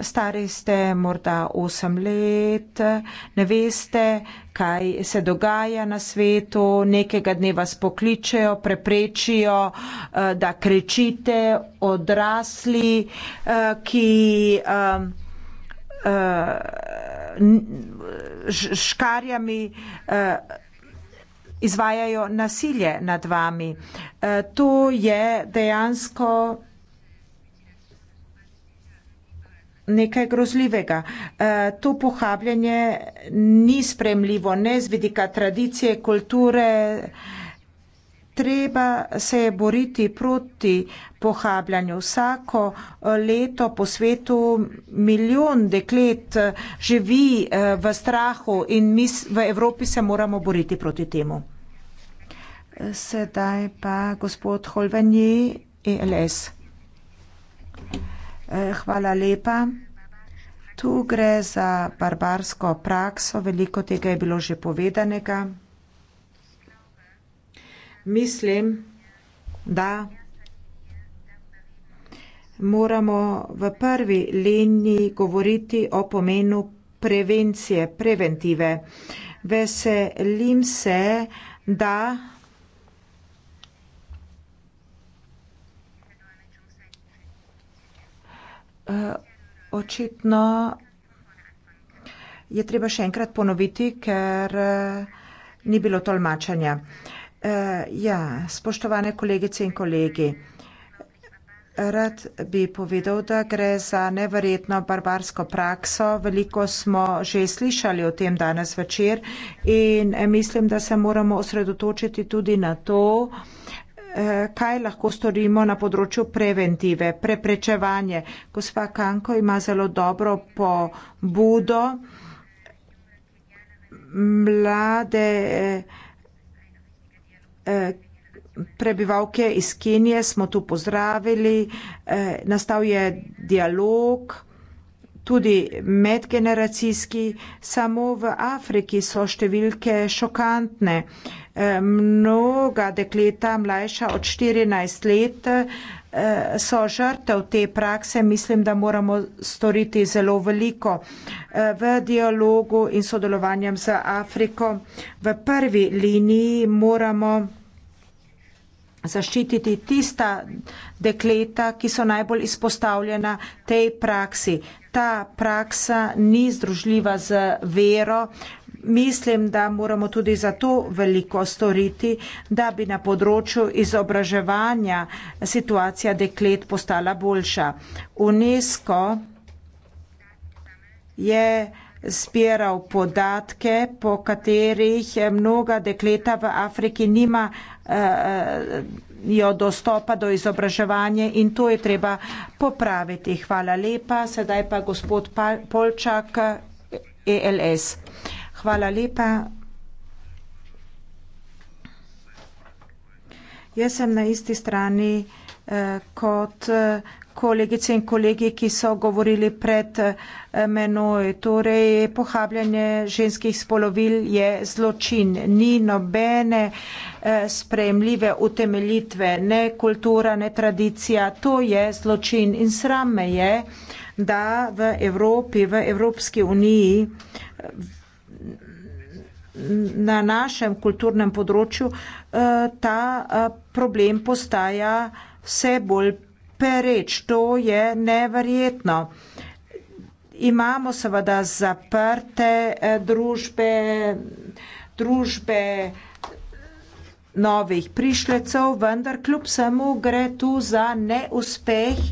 stari ste morda 8 let, ne veste, kaj se dogaja na svetu, nekega dne vas pokličejo, preprečijo, eh, da krečite odrasli, eh, ki eh, škarjami izvajajo nasilje nad vami. To je dejansko nekaj grozljivega. Eh, to pohabljanje ni spremljivo, ne z vidika tradicije, kulture. Treba se je boriti proti pohabljanju. Vsako eh, leto po svetu milijon deklet eh, živi v strahu in mi v Evropi se moramo boriti proti temu. Sedaj pa gospod Holvenji, ELS. Eh, hvala lepa. Tu gre za barbarsko prakso, veliko tega je bilo že povedanega. Mislim, da moramo v prvi liniji govoriti o pomenu prevencije, preventive. Veselim se, da Eh, očitno je treba še enkrat ponoviti, ker eh, ni bilo tolmačenja. Eh, ja, spoštovane kolegice in kolegi. Rad bi povedal, da gre za neverjetno barbarsko prakso, veliko smo že slišali o tem danes zvečer in mislim, da se moramo osredotočiti tudi na to, Eh, kaj lahko storimo na področju preventive, preprečevanje. Gospa Kanko ima zelo dobro pobudo mlade eh, eh, prebivalke iz Kenije, smo tu pozdravili, nastal je dialog. Tudi medgeneracijski, samo v Afriki so številke šokantne mnoga dekleta, mlajša od 14 let, so žrtev te prakse. Mislim, da moramo storiti zelo veliko v dialogu in sodelovanjem z Afriko. V prvi liniji moramo zaščititi tista dekleta, ki so najbolj izpostavljena tej praksi. Ta praksa ni združljiva z vero, mislim, da moramo tudi za to veliko storiti, da bi na področju izobraževanja situacija deklet postala boljša. UNESCO je zbiral podatke, po katerih mnoga dekleta v Afriki nima eh, jo dostopa do izobraževanja in to je treba popraviti. Hvala lepa. Sedaj pa gospod Polčak, ELS. Hvala lepa. Hvala lepa. Jaz sem na isti strani eh, kot eh, kolegice in kolegi, ki so govorili pred eh, menoj. Torej, pohabljanje ženskih spolovil je zločin. Ni nobene sprejemljive utemeljitve, ne kultura, ne tradicija. To je zločin in srame je, da v Evropi, v Evropski uniji na našem kulturnem področju eh, ta eh, problem postaja vse bolj pereč. To je neverjetno. Imamo seveda zaprte eh, družbe, družbe novih prišlecev, vendar kljub samo gre tu za neuspeh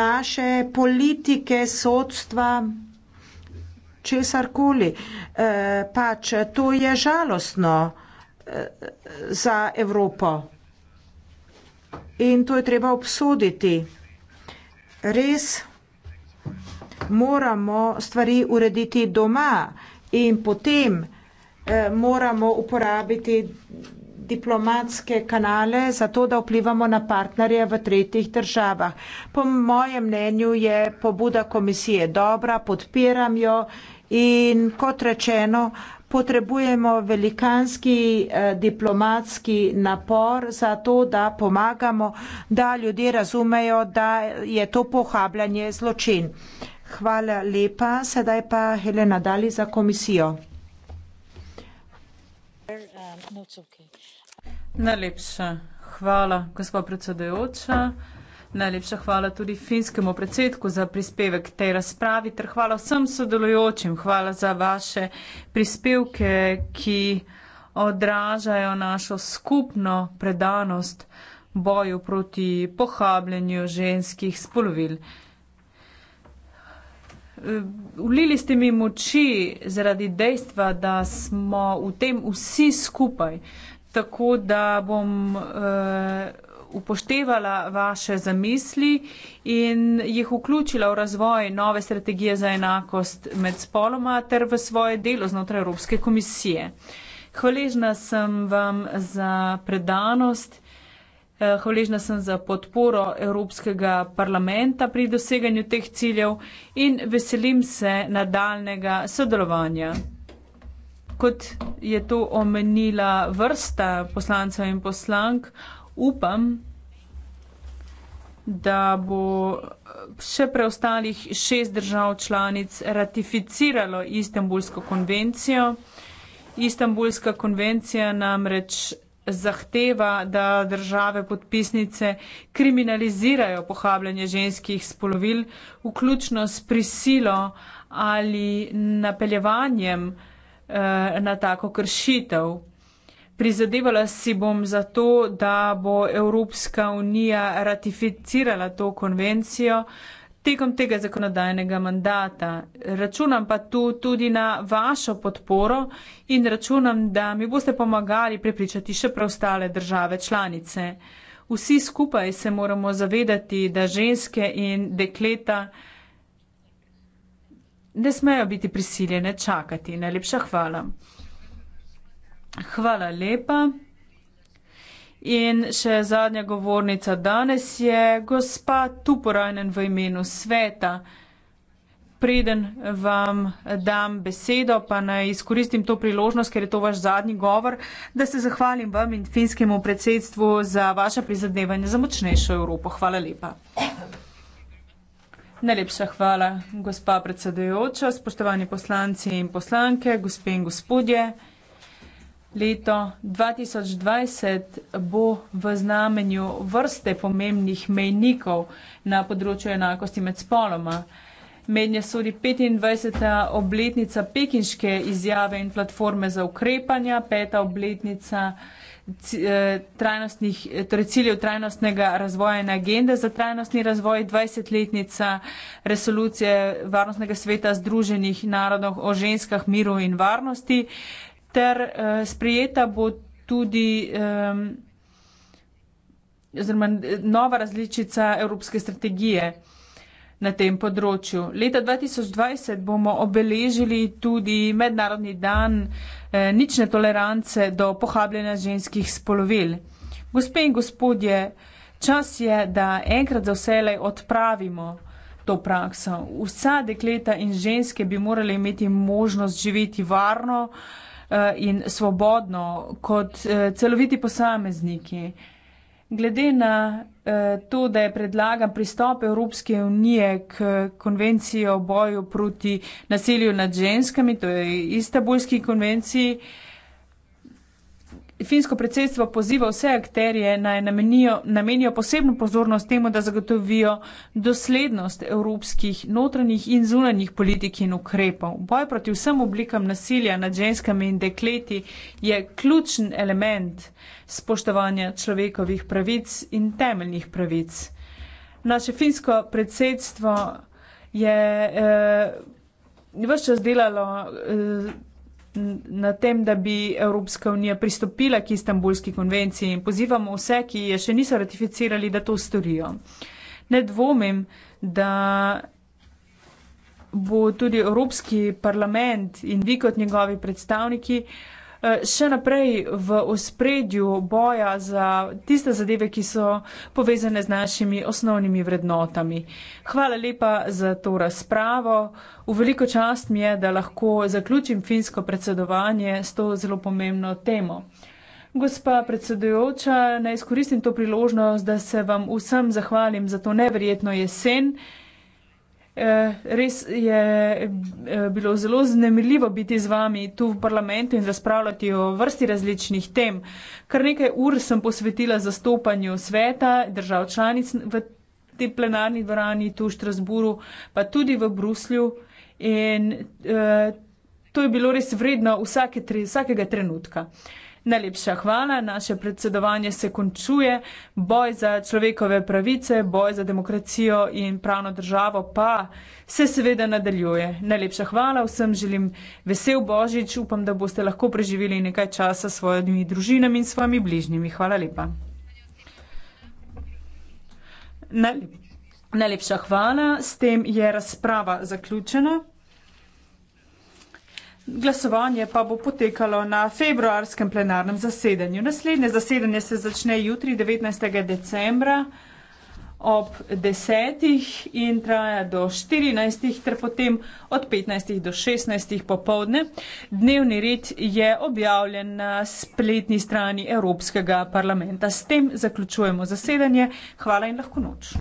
naše politike sodstva česar koli. E, eh, pač to je žalostno e, za Evropo in to je treba obsoditi. Res moramo stvari urediti doma in potem e, moramo uporabiti diplomatske kanale za to, da vplivamo na partnerje v tretjih državah. Po mojem mnenju je pobuda komisije dobra, podpiram jo In kot rečeno, potrebujemo velikanski eh, diplomatski napor za to, da pomagamo, da ljudje razumejo, da je to pohabljanje zločin. Hvala lepa. Sedaj pa Helena Dali za komisijo. Najlepša hvala, gospod predsedujoča. Najlepša hvala tudi finskemu predsedku za prispevek k tej razpravi ter hvala vsem sodelujočim. Hvala za vaše prispevke, ki odražajo našo skupno predanost boju proti pohabljenju ženskih spolovil. Vlili ste mi moči zaradi dejstva, da smo v tem vsi skupaj, tako da bom. Eh, upoštevala vaše zamisli in jih vključila v razvoj nove strategije za enakost med spoloma ter v svoje delo znotraj Evropske komisije. Hvaležna sem vam za predanost, eh, hvaležna sem za podporo Evropskega parlamenta pri doseganju teh ciljev in veselim se nadaljnega sodelovanja. Kot je to omenila vrsta poslancev in poslank, upam, da bo še preostalih šest držav članic ratificiralo Istanbulsko konvencijo. Istanbulska konvencija namreč zahteva, da države podpisnice kriminalizirajo pohabljanje ženskih spolovil, vključno s prisilo ali napeljevanjem eh, na tako kršitev. Prizadevala si bom za to, da bo Evropska unija ratificirala to konvencijo tekom tega zakonodajnega mandata. Računam pa tu tudi na vašo podporo in računam, da mi boste pomagali prepričati še preostale države članice. Vsi skupaj se moramo zavedati, da ženske in dekleta ne smejo biti prisiljene čakati. Najlepša hvala. Hvala lepa. In še zadnja govornica danes je gospa Tuporajnen v imenu sveta. Preden vam dam besedo, pa naj izkoristim to priložnost, ker je to vaš zadnji govor, da se zahvalim vam in finskemu predsedstvu za vaše prizadevanje za močnejšo Evropo. Hvala lepa. Najlepša hvala, gospa predsedujoča, spoštovani poslanci in poslanke, gospe in gospodje. Leto 2020 bo v znamenju vrste pomembnih mejnikov na področju enakosti med spoloma. Mednje sodi 25. obletnica pekinške izjave in platforme za ukrepanja, peta obletnica eh, torej ciljev trajnostnega razvoja in agende za trajnostni razvoj, 20-letnica resolucije Varnostnega sveta Združenih narodov o ženskah, miru in varnosti, ter uh, eh, sprijeta bo tudi um, oziroma, eh, nova različica evropske strategije na tem področju. Leta 2020 bomo obeležili tudi mednarodni dan eh, nične tolerance do pohabljena ženskih spolovil. Gospe in gospodje, čas je, da enkrat za vselej odpravimo to prakso. Vsa dekleta in ženske bi morali imeti možnost živeti varno, eh, Eh, in svobodno kot eh, celoviti posamezniki. Glede na eh, to, da je predlagan pristop Evropske unije k konvenciji o boju proti nasilju nad ženskami, to je Istabulski konvenciji, Finsko predsedstvo poziva vse akterje naj namenijo, namenijo posebno pozornost temu, da zagotovijo doslednost evropskih notranjih in zunanjih politik in ukrepov. Boj proti vsem oblikam nasilja nad ženskami in dekleti je ključen element spoštovanja človekovih pravic in temeljnih pravic. Naše finsko predsedstvo je eh, vse čas delalo. Eh, na tem, da bi Evropska unija pristopila k istambulski konvenciji in pozivamo vse, ki je še niso ratificirali, da to storijo. Ne dvomim, da bo tudi Evropski parlament in vi kot njegovi predstavniki Eh, še naprej v ospredju boja za tiste zadeve, ki so povezane z našimi osnovnimi vrednotami. Hvala lepa za to razpravo. V veliko čast mi je, da lahko zaključim finsko predsedovanje s to zelo pomembno temo. Gospa predsedujoča, naj izkoristim to priložnost, da se vam vsem zahvalim za to neverjetno jesen. Eh, res je eh, bilo zelo znemljivo biti z vami tu v parlamentu in razpravljati o vrsti različnih tem. Kar nekaj ur sem posvetila zastopanju sveta, držav članic v te plenarni dvorani tu v Štrasburu, pa tudi v Bruslju. In uh, to je bilo res vredno vsake tre, vsakega trenutka. Uh, Najlepša hvala. Naše predsedovanje se končuje. Boj za človekove pravice, boj za demokracijo in pravno državo pa se seveda nadaljuje. Najlepša hvala. Vsem želim vesel Božič. Upam, da boste lahko preživeli nekaj časa s svojimi družinami in svojimi bližnjimi. Hvala lepa. Najlepša hvala. S tem je razprava zaključena. Glasovanje pa bo potekalo na februarskem plenarnem zasedanju. Naslednje zasedanje se začne jutri, 19. decembra ob 10. in traja do 14. ter potem od 15. do 16. popovdne. Dnevni red je objavljen na spletni strani Evropskega parlamenta. S tem zaključujemo zasedanje. Hvala in lahko noč.